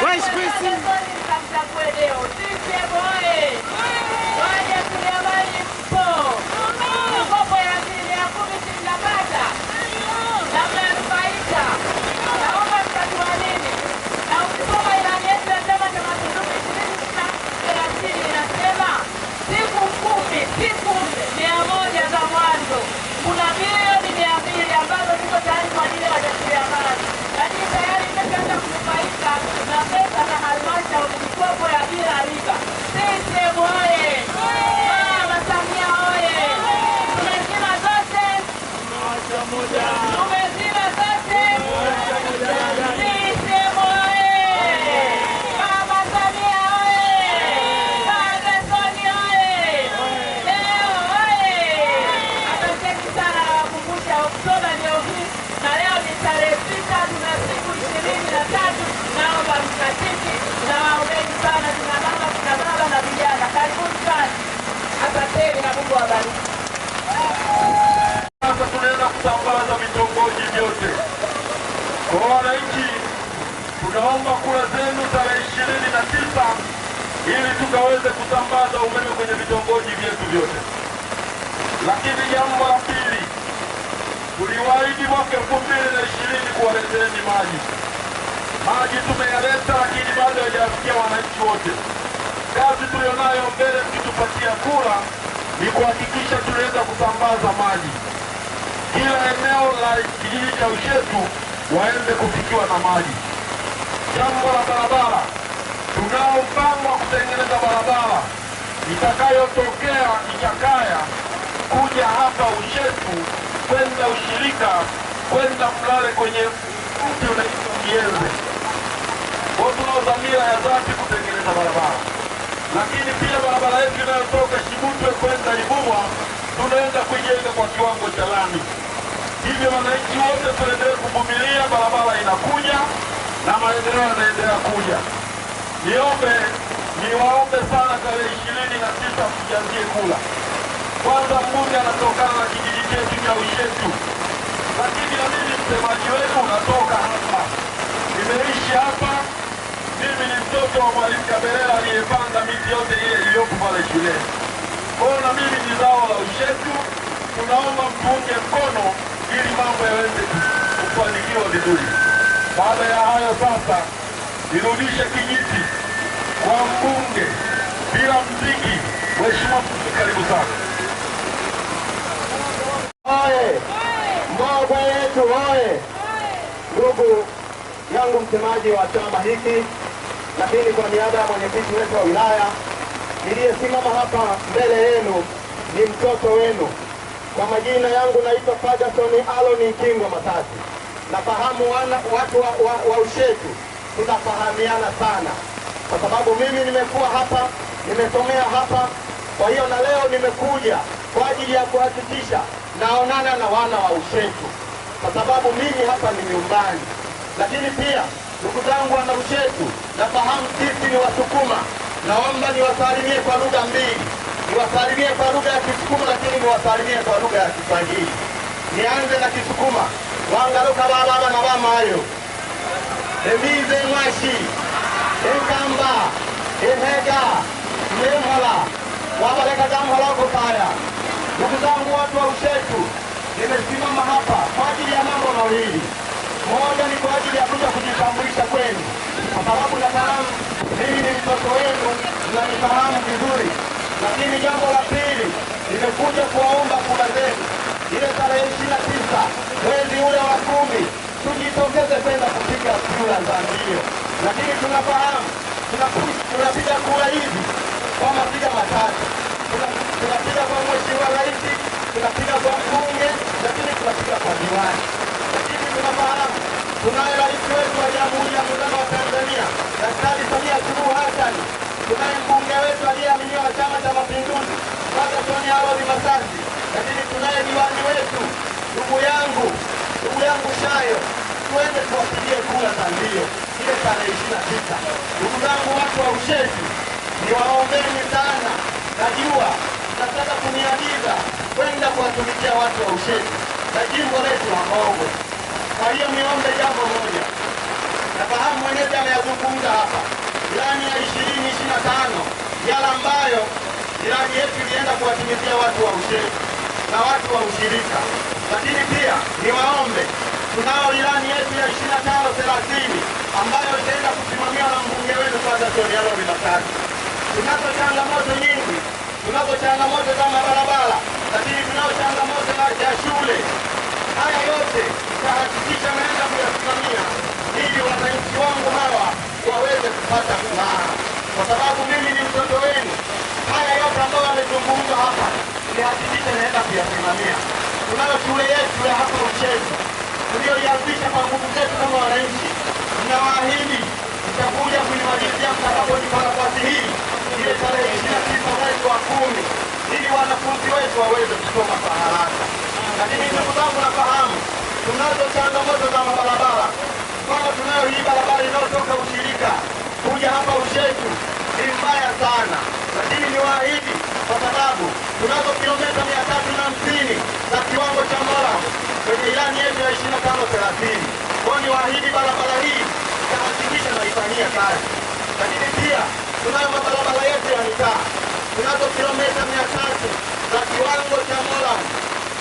Tak, West Quincy. vijiji vyote. Kwa wananchi, tunaomba kura zenu tarehe ishirini na tisa ili tukaweze kusambaza umeme kwenye vitongoji vyetu vyote. Lakini jambo la pili, tuliwaahidi mwaka elfu mbili na ishirini kuwaleteni maji. Maji tumeyaleta, lakini bado hayajafikia wananchi wote. Kazi tulionayo mbele, mkitupatia kura, ni kuhakikisha tunaweza kusambaza maji hiyo eneo la kijiji cha Ushetu waende kufikiwa na maji. Jambo la barabara, tunao mpango wa kutengeneza barabara itakayotokea Ichakaya kuja hapa Ushetu kwenda ushirika kwenda Mlale kwenye mti unaitwa Mjenze. Kwa tunao dhamira ya dhati kutengeneza barabara, lakini pia barabara yetu inayotoka Shibutwe kwenda Ibuwa tunaenda kuijenga kwa kiwango cha lami hivyo wananchi wote tuendelee kuvumilia, barabara inakuja na maendeleo yanaendelea kuja. Niombe niwaombe sana, tarehe ishirini na tisa msijazie kula. Kwanza mbunge anatokana na kijiji chetu cha Ushetu, lakini na mimi msemaji wenu unatoka hapa, nimeishi hapa. Mimi ni mtoto wa Mwalimu Kabelela aliyepanda miti yote ile iliyopo pale shuleni kwao, na mimi ni zao la Ushetu. Tunaomba mtuunge mkono yaweze kufanikiwa vizuri. Baada ya hayo sasa, nirudishe kijiti kwa mbunge bila mziki. Mheshimiwa, karibu sana. Oye! Mbogwe yetu oye! Ndugu yangu msemaji wa chama hiki, lakini kwa niaba ya mwenyekiti wetu wa wilaya, niliyesimama hapa mbele yenu ni mtoto wenu kwa majina yangu naitwa Ferguson Aloni Kingo Matati. Nafahamu wana watu wa, wa, wa Ushetu tunafahamiana sana, kwa sababu mimi nimekuwa hapa, nimesomea hapa. Kwa hiyo na leo nimekuja kwa ajili ya kuhakikisha naonana na wana wa Ushetu, kwa sababu mimi hapa ni nyumbani. Lakini pia ndugu zangu wana Ushetu, nafahamu sisi ni Wasukuma. Naomba niwasalimie kwa lugha mbili niwasalimie kwa lugha ya Kisukuma, lakini niwasalimie kwa lugha ya Kiswahili. Nianze na Kisukuma. wangaluka bababa na bamayo emize mwashi enkamba ehega nemhola wabaleka zamhola okupaya. Ndugu zangu watu wa Ushetu, nimesimama hapa kwa ajili ya mambo mawili. Moja ni kwa ajili ya kuja kujitambulisha kwenu, kwa sababu nafahamu mimi ni mtoto wenu, mnanifahamu vizuri lakini jambo la pili, nimekuja kuwaomba kura zenu ile tarehe ishirini na tisa mwezi ule wa kumi tujitokeze tena kupiga kura za ndio, lakini tunafahamu tunapiga kura hizi kwa mapiga matatu. Tunapiga kwa mheshimiwa rais, tunapiga kwa mbunge, lakini tunapiga kwa diwani, lakini tunafahamu tunayo mwanasheria mwenyewe wa Chama cha Mapinduzi Dr. John ni Masasi, lakini tunaye diwani wetu ndugu yangu ndugu yangu Shayo, twende tuwapigie kura za ndio ile tarehe ishirini na sita. Ndugu zangu watu wa Ushetu, niwaombeni sana, najua nataka kuniagiza kwenda kuwatumikia watu wa Ushetu na jimbo letu la Mbogwe. Kwa hiyo niombe jambo moja, nafahamu mwenyeji ameyazungumza hapa, ilani ya ishirini ishirini na tano yale ambayo ilani yetu ilienda kuwatimizia watu wa ushirika na watu wa ushirika. Lakini pia niwaombe, tunao ilani yetu ya ishirini na tano thelathini ambayo itaenda kusimamiwa na mbunge wenu sasa Sonia Robi Bakari. Tunazo changamoto nyingi, tunazo changamoto za mabarabara, lakini tunao changamoto ya shule. Haya yote tahakikisha naenda kuyasimamia ili wananchi wangu hawa waweze kupata furaha, kwa sababu hapa tuliazimika naenda kuyasimamia. Tunayo shule yetu ya hapo Ruchezi tuliyoianzisha kwa nguvu zetu kama wananchi. Ninawaahidi mtakuja kuimalizia mtakaponi karatasi hii ile tarehe ishirini na tisa mwezi wa kumi ili wanafunzi wetu waweze kusoma kwa haraka. Lakini ndugu zangu, nafahamu tunazo changamoto za mabarabara. Mfano, tunayo hii barabara inayotoka ushirika kuja hapa Ushetu ni mbaya sana, lakini niwaahidi sababu tunazo kilometa mia tatu na hamsini za kiwango cha Mola kwenye ilani yetu ya ishirini na tano thelathini kwao ni waahidi barabara hii itahakikisha naifanyia kazi, lakini pia tunayo mabarabara yetu ya mitaa tunazo kilometa mia tatu za kiwango cha Mola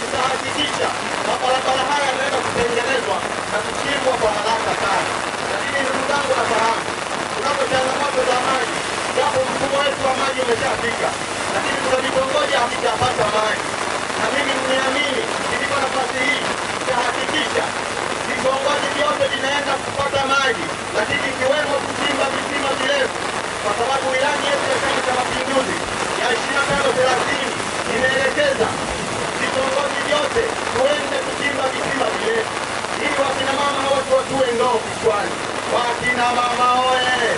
tutahakikisha mabarabara haya yanaweza kutengenezwa na kuchimbwa kwa haraka sana. Lakini ndugu zangu, nafahamu tunazo changamoto za maji, japo mfumo wetu wa maji umeshafika lakini tunavitongoja havitapata maji, na mimi mniamini, nilipo nafasi hii nitahakikisha vitongoji vyote vinaenda kupata maji, lakini ikiwemo kuchimba visima virefu, kwa sababu ilani yetu ya Chama cha Mapinduzi ya ishirini na tano thelathini imeelekeza vitongoji vyote tuende kuchimba visima virefu ili wakina mama wote watue ndoo kichwani. Wakina mama oye!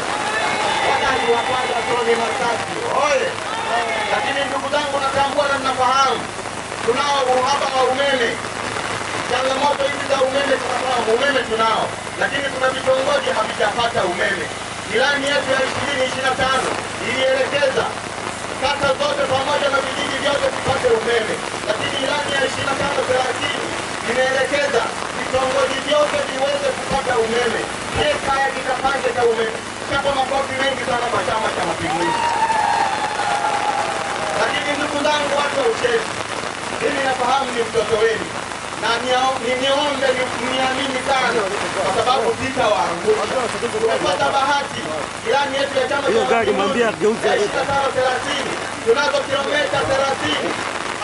Wadani wa kwanza Toni Masasi oye! Lakini ndugu zangu, natambua na ninafahamu tunao uhaba wa umeme, changamoto hizi za umeme tunafahamu. Umeme tunao, lakini kuna vitongoji havijapata umeme. Ilani yetu ya ishirini ishirini na tano ilielekeza kata zote pamoja na vijiji vyote vipate umeme, lakini ilani ya ishirini na tano thelathini inaelekeza vitongoji vyote viweze kupata umeme. Je, kaya kitapange cha umeme? Chapa makofi mengi sana kwa Chama cha Mapinduzi. Lakini ndugu zangu, wacha ucheshi. Mimi nafahamu ni mtoto wenu na niniombe niamini sana, kwa sababu vita Tumepata bahati, ilani yetu ya Chama cha Mapinduzi thelathini tunazo kilometa thelathini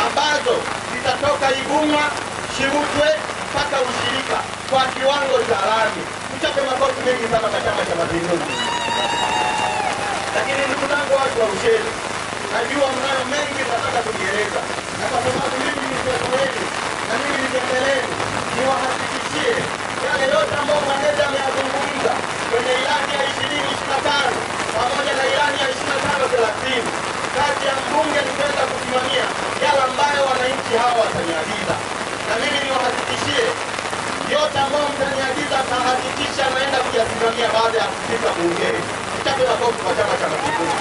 ambazo zitatoka Igumwa Shirutwe mpaka ushirika kwa kiwango cha lami. Mchape makofi mengi sana kwa Chama cha Mapinduzi. Lakini ndugu zangu, watu wa ucheshi Are you a man? Tanzania baada ya kufika bungeni chama cha kwa Chama cha Mapinduzi.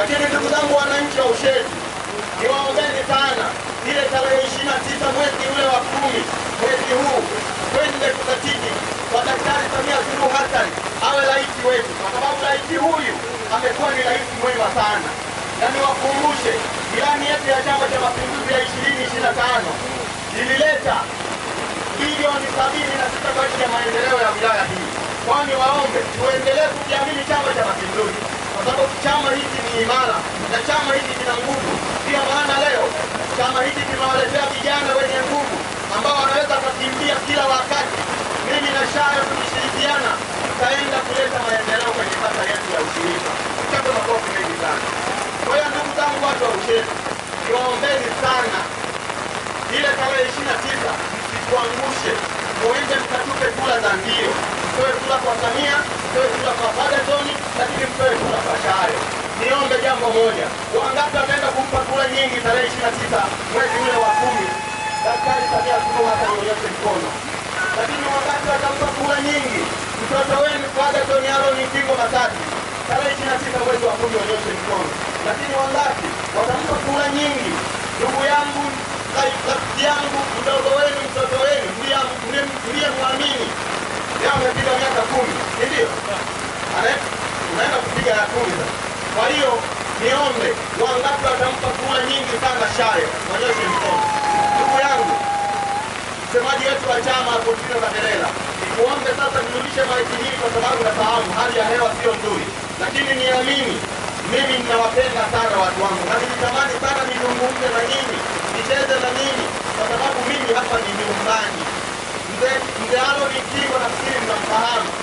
Lakini ndugu zangu wananchi wa Ushetu, niwaombeni sana ile tarehe ishirini na tisa mwezi ule wa kumi mwezi huu twende kutatiki kwa Daktari Samia Suluhu Hassan awe rais wetu, kwa sababu rais huyu amekuwa ni rais mwema sana, na niwakumbushe ilani yetu ya Chama cha Mapinduzi ya ishirini ishirini na tano ilileta bilioni sabini na sita kwa ajili ya maendeleo ya wilaya hii kwani waombe tuendelee kukiamini Chama cha Mapinduzi kwa sababu chama hiki ni imara na chama hiki kina nguvu. pia maana leo chama hiki kimewaletea vijana wenye nguvu ambao wanaweza kukimbia kila wakati. Mimi na Shayo tukishirikiana, tutaenda kuleta maendeleo kwenye kata yetu ya ushirika. Chape makofi mengi sana. Kwa hiyo ndugu zangu, watu wa ushiri niwaombeni sana, ile tarehe ishirini na tisa msituangushe, muende mkatupe kula za ndio kwa Samia, mtoe kura kwa Pagaton, lakini mtoe kura kwa Share. Niombe jambo moja, wangapi wataenda kumpa kura nyingi tarehe 29 mwezi ule wa kumi Daktari Samia Suluhu Hassan onyeshe mkono, lakini wangapi watampa kura nyingi mtoto wenu Pagaton Aron Kingo Masati tarehe 29 mwezi wa kumi onyeshe mkono, lakini wangapi watampa kura nyingi ndugu yangu yangu mdogo wenu mtoto wenu mliyemwamini moja ya kwanza. Kwa hiyo niombe, wangapi watampa kura nyingi sana Shaya? Wanyoshe mkono. Ndugu yangu, msemaji wetu wa chama Agostino Maderela, nikuombe sasa nirudishe maiki hii, kwa sababu nafahamu hali ya hewa sio nzuri, lakini niamini mimi ninawapenda sana watu wangu na nilitamani sana nizungumze na nyinyi, nicheze na nyinyi, kwa sababu mimi hapa ni nyumbani. Mzee Aloni Kigwa nafikiri mnamfahamu